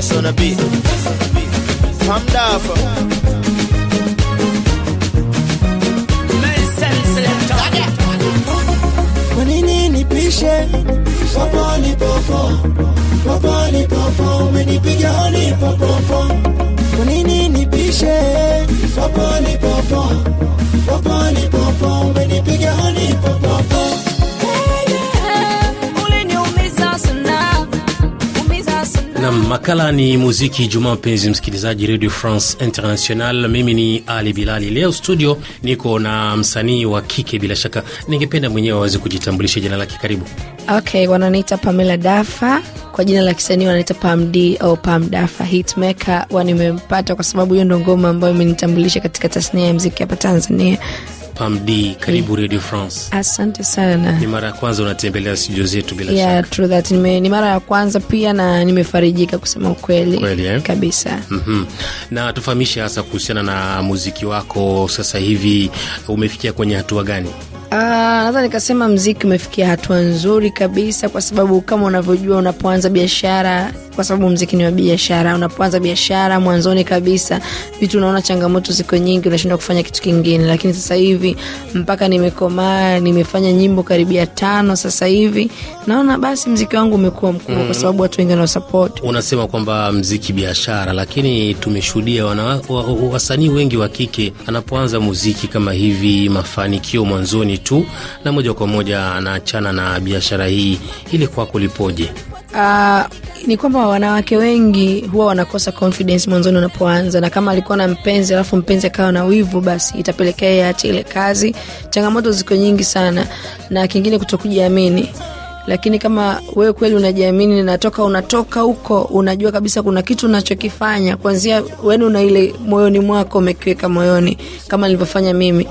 mess on a beat. Pam Dafa. Kwa nini nipishe popo Makala ni muziki Jumaa. Mpenzi msikilizaji, Radio France International, mimi ni Ali Bilali. Leo studio niko na msanii wa kike, bila shaka ningependa mwenyewe waweze kujitambulisha jina lake. Karibu. ok wananiita Pamela Dafa kwa jina la kisanii wanaita Pamd au Pam Dafa. Hitmaker wanimempata kwa sababu hiyo ndo ngoma ambayo imenitambulisha katika tasnia ya mziki hapa Tanzania pamd karibu yeah. Radio France. Asante sana. Ni mara ya kwanza unatembelea studio zetu bila yeah, shaka. True that. Nime, ni mara ya kwanza pia na nimefarijika kusema ukweli kweli, eh? Kabisa. mm -hmm. Na tufahamishe hasa kuhusiana na muziki wako sasa hivi umefikia kwenye hatua gani? Ah, Naweza nikasema mziki umefikia hatua nzuri kabisa, kwa sababu kama unavyojua, unapoanza biashara, kwa sababu mziki ni wa biashara, unapoanza biashara mwanzoni kabisa, vitu unaona changamoto ziko nyingi, unashindwa kufanya kitu kingine. Lakini sasa hivi mpaka nimekomaa, nimefanya nyimbo karibia tano sasa hivi, naona basi mziki wangu umekuwa mkubwa, mm, kwa mhm. sababu watu wengi wanaosupport. Unasema kwamba mziki biashara, lakini tumeshuhudia wasanii wengi wa kike anapoanza muziki kama hivi, mafanikio mwanzoni tu, na moja kwa moja anaachana na biashara hii, ili kwako lipoje? Uh, ni kwamba wanawake wengi huwa wanakosa confidence mwanzoni unapoanza, na kama alikuwa na mpenzi alafu mpenzi akawa na wivu, basi itapelekea yeye aache ile kazi. Changamoto ziko nyingi sana, na kingine kutokujiamini lakini kama wewe kweli unajiamini, natoka unatoka huko, unajua kabisa kuna kitu unachokifanya kwanzia, wenu, na ile moyoni mwako umekiweka moyoni, kama nilivyofanya mimi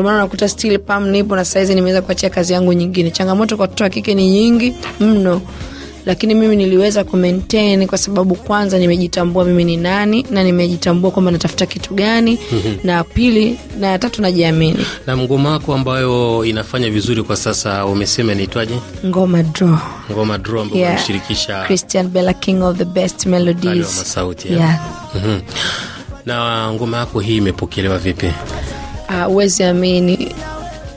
ndio maana unakuta still pam nipo na saizi nimeweza kuachia kazi yangu nyingine. Changamoto kwa watoto wa kike ni nyingi mno, lakini mimi niliweza ku maintain kwa sababu kwanza nimejitambua mimi ni nani na nimejitambua kwamba natafuta kitu gani mhm. na pili na tatu najiamini. Na ngoma yako ambayo inafanya vizuri kwa sasa umesema inaitwaje? Ngoma Draw. Ngoma Draw ambayo yeah. Mshirikisha Christian Bella King of the best melodies. Masauti, yeah. Yeah. Mhm. na ngoma yako hii imepokelewa vipi? hauwezi uh, amini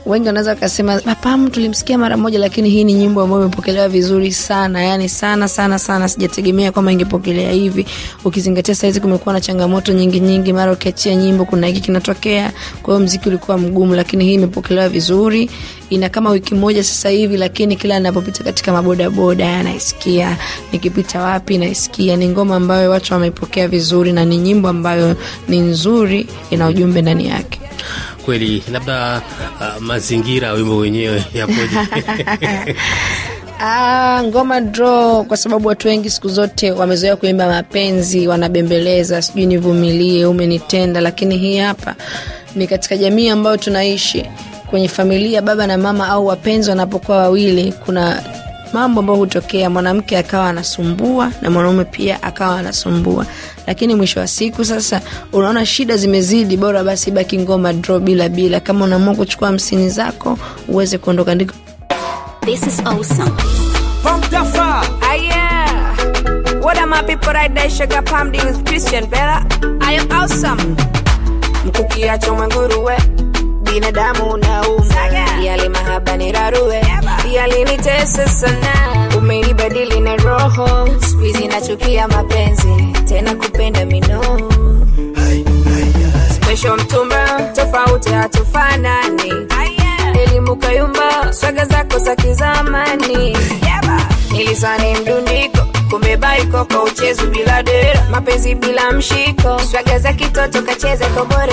wengi wanaweza wakasema mapamu tulimsikia mara moja, lakini hii ni nyimbo ambayo imepokelewa vizuri sana, yani sana sana sana. Sijategemea kwamba ingepokelea hivi, ukizingatia saizi kumekuwa na changamoto nyingi nyingi, mara ukiachia nyimbo kuna hiki kinatokea. Kwa hiyo mziki ulikuwa mgumu, lakini hii imepokelewa vizuri, ina kama wiki moja sasa hivi, lakini kila ninapopita katika mabodaboda naisikia, nikipita wapi naisikia. Ni ngoma ambayo watu wameipokea vizuri na ni nyimbo ambayo ni nzuri, ina ujumbe ndani yake kweli, labda uh, mazingira wimbo wenyewe yapoje? Ah, ngoma draw kwa sababu watu wengi siku zote wamezoea kuimba mapenzi, wanabembeleza sijui nivumilie, umenitenda, lakini hii hapa ni katika jamii ambayo tunaishi kwenye familia, baba na mama au wapenzi wanapokuwa wawili, kuna mambo ambayo hutokea, mwanamke akawa anasumbua na mwanaume pia akawa anasumbua, lakini mwisho wa siku sasa unaona shida zimezidi, bora basi baki ngoma draw bila bila. Kama unaamua kuchukua hamsini zako uweze kuondoka, ndiko This is awesome. Ah, What mwenguruwe binadamu nauma, yale mahaba ni rarue, yalinitesa sana, umenibadili na roho, squeeze nachukia mapenzi tena kupenda mino Special mtumba tofauti hatufanani, elimu kayumba, swaga zako za kizamani nilisani mdundiko kumbe baiko kwa uchezu bila dera mapenzi bila mshiko swaga za kitoto kacheze kobore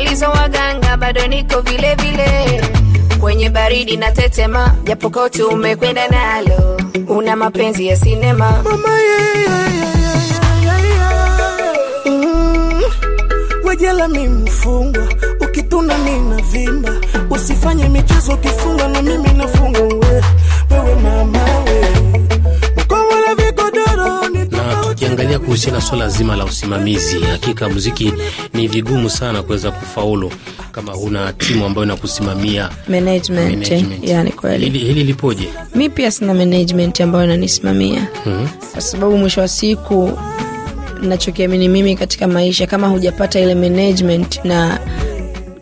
walizo waganga, bado niko vile vile kwenye baridi na tetema, japo koti umekwenda nalo, una mapenzi ya sinema mama, mm-hmm. wajela mi mfungwa, ukituna nina vimba, usifanye michezo, ukifunga na mimi nafunga, we wewe mama wewe tukiangalia kuhusiana swala zima la usimamizi, hakika muziki ni vigumu sana kuweza kufaulu kama huna timu ambayo inakusimamia management. Yani kweli hili, hili lipoje? Mi pia sina management ambayo inanisimamia mm-hmm. kwa sababu mwisho wa siku nachokiamini mimi katika maisha, kama hujapata ile management na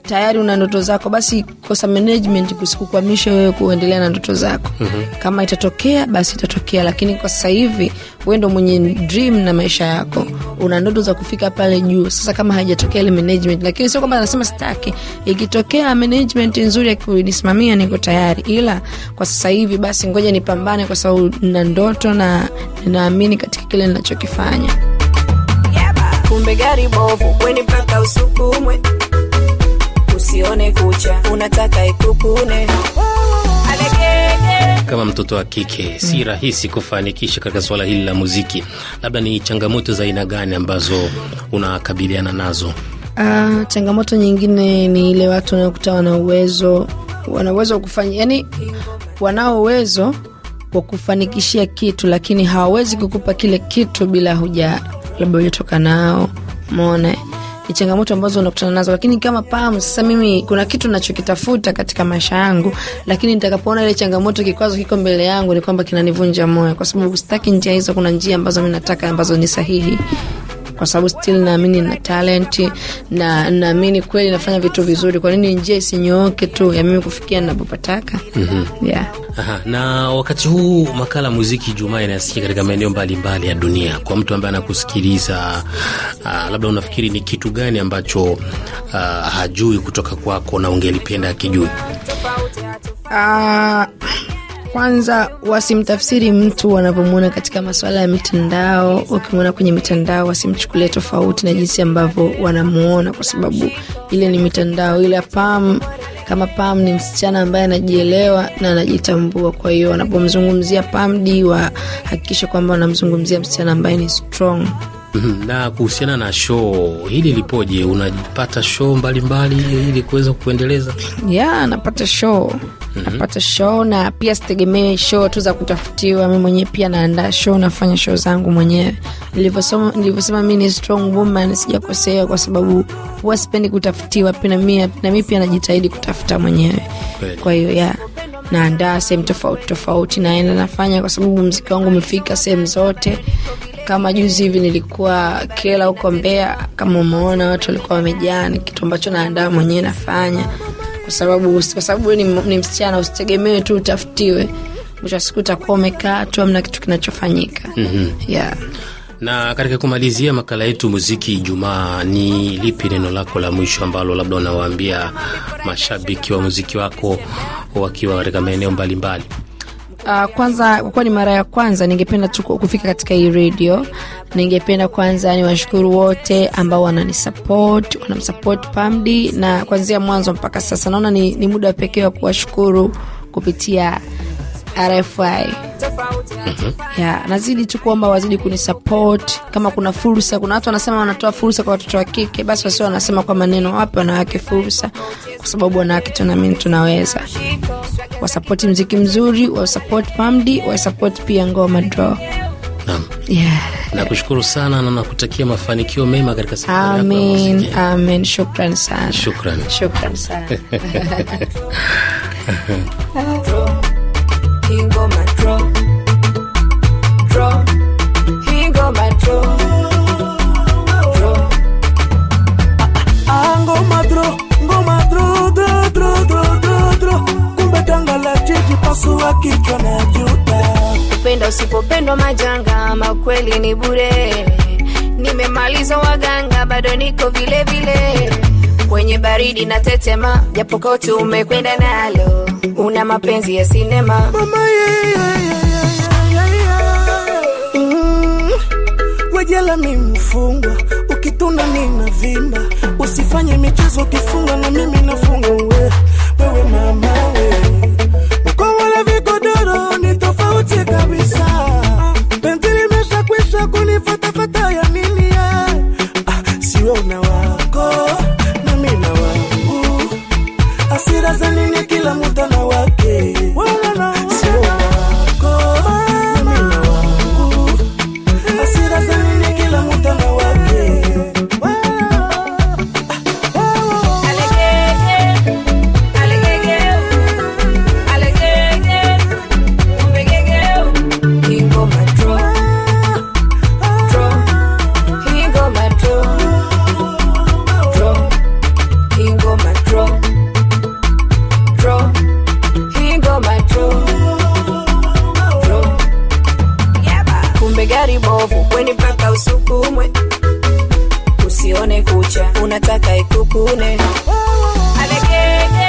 tayari una ndoto zako basi kosa management kusikukwamisha wewe kuendelea na ndoto zako mm-hmm. kama itatokea basi itatokea lakini kwa sasa hivi we ndo mwenye dream na maisha yako una ndoto za kufika pale juu sasa kama haijatokea ile management lakini sio kwamba anasema sitaki ikitokea management nzuri yakunisimamia niko tayari ila kwa sasa hivi basi ngoja nipambane kwa sababu na ndoto na ninaamini katika kile ninachokifanya yeah, kumbe gari bovu mpaka usukumwe usione kucha unataka ikukune kama mtoto wa kike si mm. rahisi kufanikisha katika swala hili la muziki. Labda ni changamoto za aina gani ambazo unakabiliana nazo? Uh, changamoto nyingine ni ile watu wanaokuta wana uwezo wana uwezo wa kufanya, yani wanao uwezo wa kufanikishia kitu, lakini hawawezi kukupa kile kitu bila huja labda hujatoka nao mone ni changamoto ambazo unakutana nazo, lakini kama PAM, sasa mimi kuna kitu nachokitafuta katika maisha yangu, lakini nitakapoona ile changamoto, kikwazo kiko mbele yangu, ni kwamba kinanivunja moyo, kwa sababu sitaki njia hizo. Kuna njia ambazo mi nataka ambazo ni sahihi, kwa sababu still naamini na talenti na naamini kweli nafanya vitu vizuri. Kwa nini njia isinyooke tu ya mimi kufikia ninapopataka? mm -hmm. yeah. Aha, na wakati huu makala muziki Jumaa inayasikia katika maeneo mbalimbali ya dunia. Kwa mtu ambaye anakusikiliza, uh, labda unafikiri ni kitu gani ambacho uh, hajui kutoka kwako na ungelipenda akijui? Uh, ah, kwanza wasimtafsiri mtu wanavyomwona katika masuala ya mitandao. Wakimwona kwenye mitandao, wasimchukulie tofauti na jinsi ambavyo wanamwona, kwa sababu ile ni mitandao. Ila Pam kama Pam ni msichana ambaye anajielewa na anajitambua. Kwa hiyo wanapomzungumzia Pam D wahakikishe kwamba wanamzungumzia msichana ambaye ni strong na kuhusiana na show hili lipoje? Unapata show mbalimbali mbali, ili kuweza kuendeleza? Yeah, napata show mm -hmm. Napata show na pia sitegemee show tu za kutafutiwa. Mi mwenyewe pia naandaa show, nafanya show zangu mwenyewe. Nilivyosema mi ni strong woman, sijakosea kwa sababu huwa sipendi kutafutiwa, na mi pia najitahidi kutafuta mwenyewe. Kwa hiyo yeah naandaa sehemu tofauti tofauti, naenda nafanya, kwa sababu mziki wangu umefika sehemu zote kama juzi hivi nilikuwa Kela huko Mbeya, kama umeona watu walikuwa wamejaa. Ni kitu ambacho naandaa mwenyewe, nafanya kwa sababu kwa sababu ni, ni msichana, usitegemewe tu utafutiwe. Mwisho wa siku utakuwa umekaa tu, amna kitu kinachofanyika. mm -hmm. yeah. Na katika kumalizia makala yetu muziki Ijumaa, ni lipi neno lako la mwisho ambalo labda unawaambia mashabiki wa muziki wako wakiwa katika maeneo mbalimbali? Uh, kwanza kwa ni mara ya kwanza, ningependa tu kufika katika hii redio. Ningependa kwanza niwashukuru wote ambao wananisupport, wanamsupport Pamdi na kuanzia mwanzo mpaka sasa. Naona ni, ni muda pekee wa kuwashukuru kupitia RFI. Mm-hmm. yeah, nazidi tu kuomba wazidi kunisupport kama kuna fursa. Kuna watu wanasema wanatoa fursa kwa watoto wa kike, basi wasio wanasema kwa maneno, wape wanawake fursa, kwa sababu wanawake tunaamini tunaweza. Wasapoti mziki mzuri, wasapoti Pamdi, wasapoti pia ngoma draw Naam. Yeah. Nakushukuru sana na nakutakia mafanikio mema katika safari yako ya Amen. Shukrani sana. Shukrani. Shukrani sana. kichwa na juta. Upenda usipopendwa majanga, makweli ni bure. Nimemaliza waganga, bado niko vile vile kwenye baridi na tetema, japo koti umekwenda nalo, una mapenzi ya sinema mama yeah, yeah, yeah, yeah, yeah. Mm, mm-hmm. wejela mi mfungwa, ukituna nina vimba, usifanye michezo, ukifunga na mimi nafunga, we wewe mama we Machero ni tofauti kabisa, penzi limeshakwisha kunifatafata ya nini ya ah, siwe una wako na mimi na wangu, hasira za nini kila muda kukutisha, unataka ikukune alegege